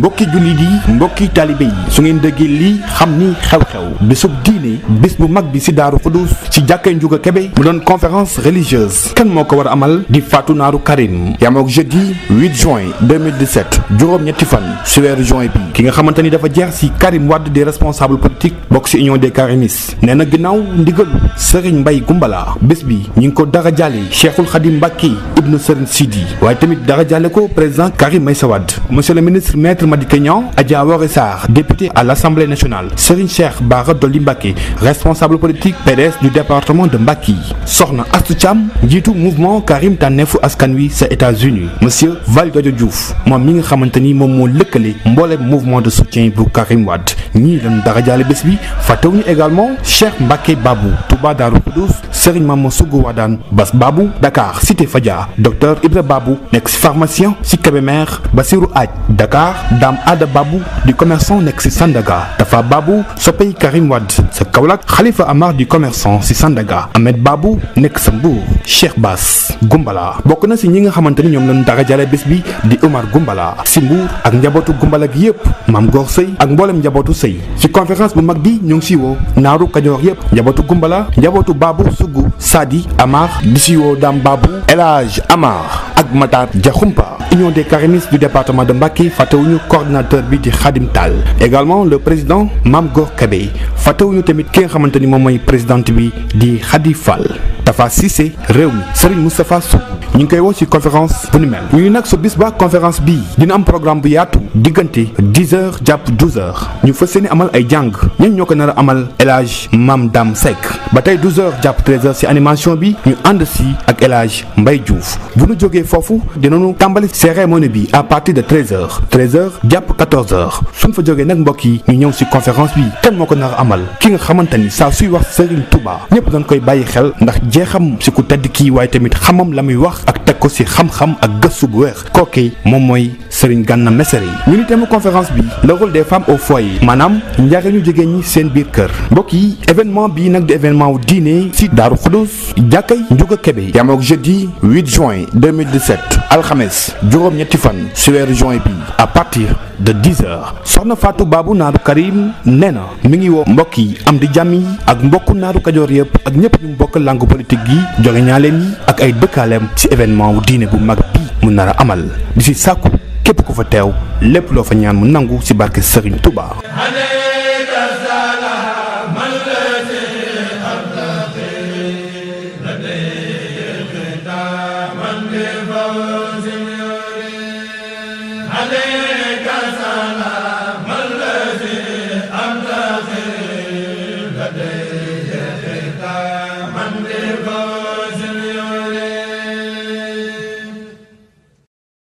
mbokki jullit yi mbokki taalibe yi su ngeen déggee lii xam ni xew-xew bésub diine bés bu mag bi si daaru xudus si jàkkee njuga kebe mu doon conférence religieuse kenn moo ko war a amal di Fatou Naaru Karim yamook jeudi 8 juin 2017 juróom-ñetti fan si weeru juin bi ki nga xamante ni dafa jeex si Karim wadd di responsable politique bokk si union des karimistes nee na ginnaaw ndigalu Serigne Mbaye Gumbala bés bi ñu ngi ko dara jàlle Cheikhul Khadim Mbacke ibnu Serigne si waaye tamit dara jàlle ko président Karim Meïssa Wade Madické Niang Adja Woré Sarr député à l'Assemblée nationale Serigne Cheikh Bara Dolly Mbacké responsable politique PDS du département de Mbacké Sokhna Astou Thiam njiitu mouvement Karim Tànneefu Askan Wi sa États-Unis monsieur Val Gadio Diouf moom mi nga xamante ni moom moo lëkkale mbooleem mouvement de soutien bu Karim Wade ñii lañ dara jaale bés bi fàttewuñu également Cheikh Mbacké Babou Touba Darou Koudous Serigne Mamo Sougou Wadane Bass Babou Dakar Cité Fadia docteur Ibra Babou nekk si pharmacien si Kébémer Basirou Aj Dakar Dame Ada Babou du commerçant nekk si Sandaga Tafa Babou soppey Karim Wade sa Kaolack Khalifa Amar du commerçant si Sandaga Ahmed Babou nekk sa Mbour Cheikh Bass Gumbala bokk na si ñi nga xamante ni ñoom lañ dara jale bis bi di Omar Gumbala si Mbour ak njabootu Gumbala gi yëpp maam Gor Sëy ak mboolem njabootu Sëy ci conférence bu mag bi ñu ngi si woo naaru yëpp njabootu Gumbala tëggu Sadi Amar di si woo Dame Babou El Hadj Amar ak Matar Diakhoumpa union des karimistes du département de Mbacké fàttewuñu coordinateur bi di Khadim Tall également le président Mame Gor Kébé fàttewuñu tamit ki nga xamante ni moom mooy présidente bi di Khady Fall Tafa Cissé réew mi Serigne ñu ngi koy woo ci conférence bu ni mel ñu ngi nag su bis ba conférence dina am programme bu yaatu diggante 10 heures jàpp 12 heures ñu fas yéene amal ay jàng ñun ñoo ko nar a amal El Hadj Mam Dam Seck ba tey 12 jàpp 13 ci animation bi ñu ànd si ak El mbay Mbaye bu ñu jógee foofu dinañu tàmbali cérémonie bi à partir de 13 heures 13 heures jàpp 14 heures suñ fa jógee nag mbokk yi ñu ñëw si conférence bi kan moo ko nar amal ki nga xamante jeexam si ku tedd kii waaye tamit xamam la muy wax ak teg ko si xam-xam ak gëstu bu weex kooki moom mooy Serigne Gana Messere yi ñu ni thème conférence bi le rôle des femmes au foyer maanaam njariñu jigéen ñi seen biir kër mbokk yi événement bii nag du événement wu diine si Daaru Xudus jàkkay Njuga Kebe yamook jeudi 8 juin 2017 alxames juróom-ñetti fan si weeru juin bi à partir de 10 heures soxna Fatou Babou Naaru Karim nee na mi ngi woo mbokk yi am di jàmm yi ak mbokku naaru kajoor yëpp ak ñëpp ñu mbokk langue politique gi joge ñaaleem yi ak ay dëkkaaleem si événement wu diine bu mag bii mu nar a amal di si sàkku képp ku fa teew lépp loo fa ñaan mu nangu si barke Serigne Touba. Erba